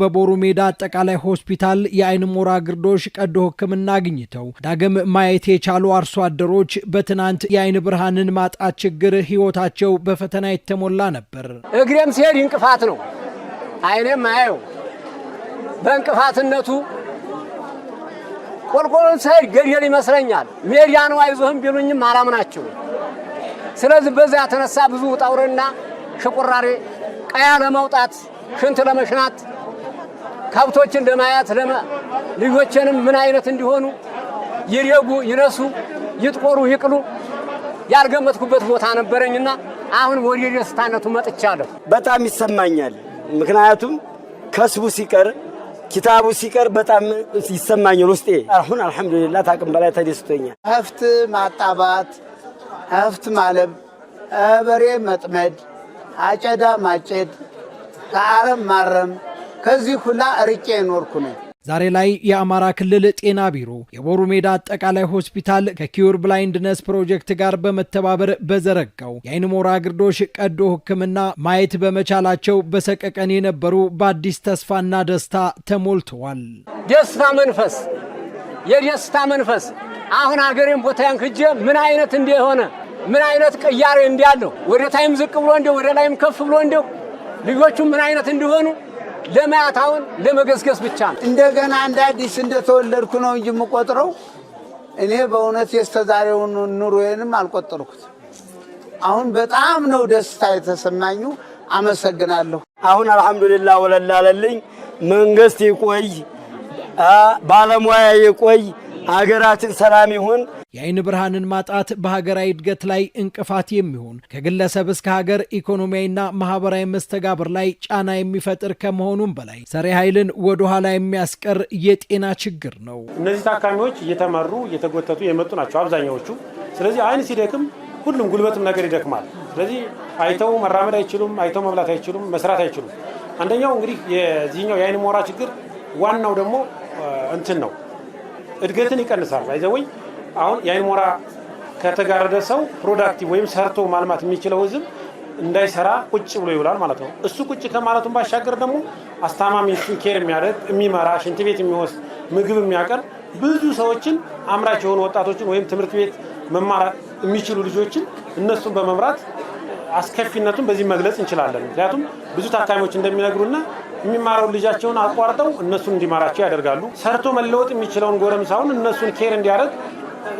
በቦሩ ሜዳ አጠቃላይ ሆስፒታል የአይን ሞራ ግርዶሽ ቀዶ ሕክምና አግኝተው ዳግም ማየት የቻሉ አርሶ አደሮች በትናንት የአይን ብርሃንን ማጣት ችግር ሕይወታቸው በፈተና የተሞላ ነበር። እግሬም ሲሄድ እንቅፋት ነው። አይኔም አየው በእንቅፋትነቱ ቆልቆሎን ሳይድ ገደል ይመስለኛል። ሜዳ ነው አይዞህም ቢሉኝም አላምናቸው። ስለዚህ በዛ የተነሳ ብዙ ጣውርና ሽቁራሬ ቀያ ለመውጣት ሽንት ለመሽናት ከብቶችን ለማያት ልጆችንም ምን አይነት እንዲሆኑ ይሬጉ፣ ይነሱ፣ ይጥቆሩ፣ ይቅሉ ያልገመትኩበት ቦታ ነበረኝና አሁን ወደ ደስታነቱ መጥቻለሁ። በጣም ይሰማኛል። ምክንያቱም ከስቡ ሲቀር ኪታቡ ሲቀር በጣም ይሰማኛል ውስጤ። አሁን አልሐምዱሊላህ ታቅም በላይ ተደስቶኛል። እህፍት ማጣባት፣ እህፍት ማለብ፣ በሬ መጥመድ፣ አጨዳ ማጨድ፣ ከአረም ማረም ከዚህ ሁላ ርቄ የኖርኩ ነው። ዛሬ ላይ የአማራ ክልል ጤና ቢሮ የቦሩ ሜዳ አጠቃላይ ሆስፒታል ከኪዩር ብላይንድነስ ፕሮጀክት ጋር በመተባበር በዘረጋው የአይን ሞራ ግርዶሽ ቀዶ ሕክምና ማየት በመቻላቸው በሰቀቀን የነበሩ በአዲስ ተስፋና ደስታ ተሞልተዋል። ደስታ መንፈስ፣ የደስታ መንፈስ አሁን አገሬን ቦታያን ክጀ ምን አይነት እንደሆነ ምን አይነት ቅያሬ እንዲያለው ወደ ታይም ዝቅ ብሎ እንደው ወደ ላይም ከፍ ብሎ እንደው ልጆቹ ምን አይነት እንደሆኑ ለማያታውን ለመገስገስ ብቻ ነው። እንደገና እንደ አዲስ እንደተወለድኩ ነው እንጂ የምቆጥረው እኔ በእውነት የስተዛሬውን ኑሮዬንም አልቆጠርኩት። አሁን በጣም ነው ደስታ የተሰማኙ። አመሰግናለሁ። አሁን አልሐምዱሊላህ ወለላለልኝ። መንግስት ይቆይ፣ ባለሙያ ይቆይ። ሀገራችን ሰላም ይሁን። የአይን ብርሃንን ማጣት በሀገራዊ እድገት ላይ እንቅፋት የሚሆን ከግለሰብ እስከ ሀገር ኢኮኖሚያዊና ማህበራዊ መስተጋብር ላይ ጫና የሚፈጥር ከመሆኑም በላይ ሰሪ ኃይልን ወደኋላ የሚያስቀር የጤና ችግር ነው። እነዚህ ታካሚዎች እየተመሩ እየተጎተቱ የመጡ ናቸው አብዛኛዎቹ። ስለዚህ አይን ሲደክም ሁሉም ጉልበትም ነገር ይደክማል። ስለዚህ አይተው መራመድ አይችሉም፣ አይተው መብላት አይችሉም፣ መስራት አይችሉም። አንደኛው እንግዲህ የዚህኛው የአይን ሞራ ችግር ዋናው ደግሞ እንትን ነው እድገትን ይቀንሳል። ባይዘወይ አሁን የአይሞራ ከተጋረደ ሰው ፕሮዳክቲቭ ወይም ሰርቶ ማልማት የሚችለው ህዝብ እንዳይሰራ ቁጭ ብሎ ይውላል ማለት ነው። እሱ ቁጭ ከማለቱን ባሻገር ደግሞ አስታማሚ ኬር የሚያደርግ የሚመራ፣ ሽንት ቤት የሚወስድ፣ ምግብ የሚያቀርብ ብዙ ሰዎችን አምራች የሆኑ ወጣቶችን ወይም ትምህርት ቤት መማር የሚችሉ ልጆችን እነሱን በመምራት አስከፊነቱን በዚህ መግለጽ እንችላለን። ምክንያቱም ብዙ ታካሚዎች እንደሚነግሩና የሚማረው ልጃቸውን አቋርጠው እነሱን እንዲማራቸው ያደርጋሉ። ሰርቶ መለወጥ የሚችለውን ጎረምሳውን እነሱን ኬር እንዲያደርግ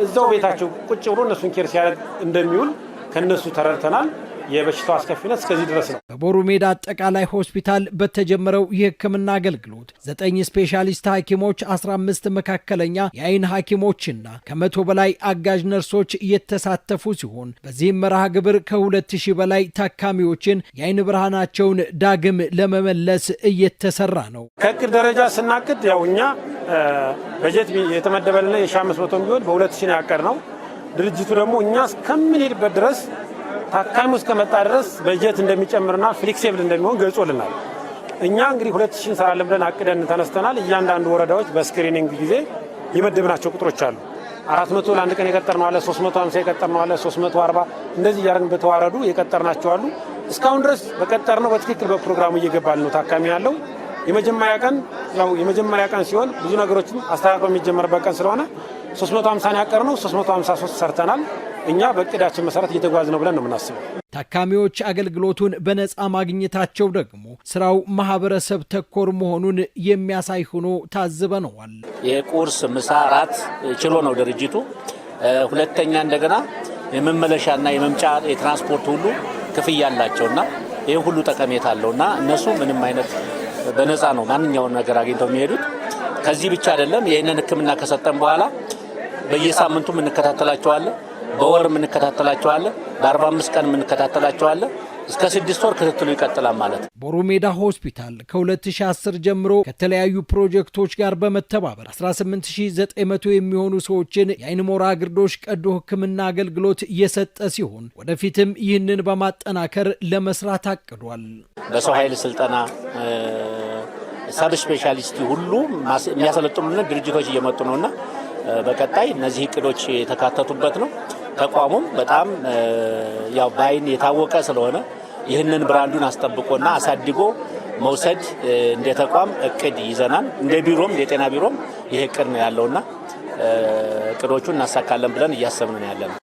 እዛው ቤታቸው ቁጭ ብሎ እነሱን ኬር ሲያደርግ እንደሚውል ከእነሱ ተረድተናል። የበሽታው አስከፊነት እስከዚህ ድረስ ነው። በቦሩ ሜዳ አጠቃላይ ሆስፒታል በተጀመረው የህክምና አገልግሎት ዘጠኝ ስፔሻሊስት ሐኪሞች፣ አምስት መካከለኛ የአይን ሐኪሞችና ከመቶ በላይ አጋዥ ነርሶች እየተሳተፉ ሲሆን በዚህም መርሃ ግብር ከሁለት ሺህ በላይ ታካሚዎችን የአይን ብርሃናቸውን ዳግም ለመመለስ እየተሰራ ነው። ከእቅድ ደረጃ ስናቅድ ያው እኛ በጀት የተመደበልና የሺ አምስት መቶ ቢሆን በሁለት ሺህ ያቀድ ነው። ድርጅቱ ደግሞ እኛ እስከምንሄድበት ድረስ ታካሚው እስከመጣ ድረስ በጀት እንደሚጨምርና ፍሌክሲብል እንደሚሆን ገልጾልናል። እኛ እንግዲህ ሁለት ሺ እንሰራለን ብለን አቅደን ተነስተናል። እያንዳንዱ ወረዳዎች በስክሪኒንግ ጊዜ የመደብናቸው ቁጥሮች አሉ። አራት መቶ ለአንድ ቀን የቀጠርነው አለ፣ ሶስት መቶ ሀምሳ የቀጠርነው አለ፣ ሶስት መቶ አርባ እንደዚህ እያደረግን በተዋረዱ የቀጠርናቸው አሉ። እስካሁን ድረስ በቀጠርነው በትክክል በፕሮግራሙ እየገባል ነው ታካሚ ያለው የመጀመሪያ ቀን ያው የመጀመሪያ ቀን ሲሆን ብዙ ነገሮችን አስተካክሎ የሚጀመርበት ቀን ስለሆነ 350 ያቀር ነው 353 ሰርተናል። እኛ በእቅዳችን መሰረት እየተጓዝ ነው ብለን ነው የምናስበው። ታካሚዎች አገልግሎቱን በነፃ ማግኘታቸው ደግሞ ስራው ማህበረሰብ ተኮር መሆኑን የሚያሳይ ሆኖ ታዝበነዋል። የቁርስ ምሳ፣ ራት ችሎ ነው ድርጅቱ። ሁለተኛ እንደገና የመመለሻና የመምጫ የትራንስፖርት ሁሉ ክፍያ አላቸውና ይህ ሁሉ ጠቀሜታ አለውና እነሱ ምንም አይነት በነፃ ነው ማንኛውን ነገር አግኝተው የሚሄዱት። ከዚህ ብቻ አይደለም። ይህንን ሕክምና ከሰጠን በኋላ በየሳምንቱ የምንከታተላቸዋለን፣ በወር የምንከታተላቸዋለን፣ በ45 ቀን የምንከታተላቸዋለን። እስከ ስድስት ወር ክትትሉ ይቀጥላል ማለት ነው። ቦሩ ሜዳ ሆስፒታል ከ2010 ጀምሮ ከተለያዩ ፕሮጀክቶች ጋር በመተባበር 18900 የሚሆኑ ሰዎችን የአይንሞራ ግርዶሽ ቀዶ ሕክምና አገልግሎት እየሰጠ ሲሆን ወደፊትም ይህንን በማጠናከር ለመስራት አቅዷል። በሰው ኃይል ስልጠና ሰብ ስፔሻሊስቲ ሁሉ የሚያሰለጥኑልን ድርጅቶች እየመጡ ነውና በቀጣይ እነዚህ እቅዶች የተካተቱበት ነው። ተቋሙም በጣም ያው በአይን የታወቀ ስለሆነ ይህንን ብራንዱን አስጠብቆና አሳድጎ መውሰድ እንደ ተቋም እቅድ ይዘናል። እንደ ቢሮም እንደ ጤና ቢሮም ይህ እቅድ ነው ያለውና እቅዶቹን እናሳካለን ብለን እያሰብን ያለ ነው።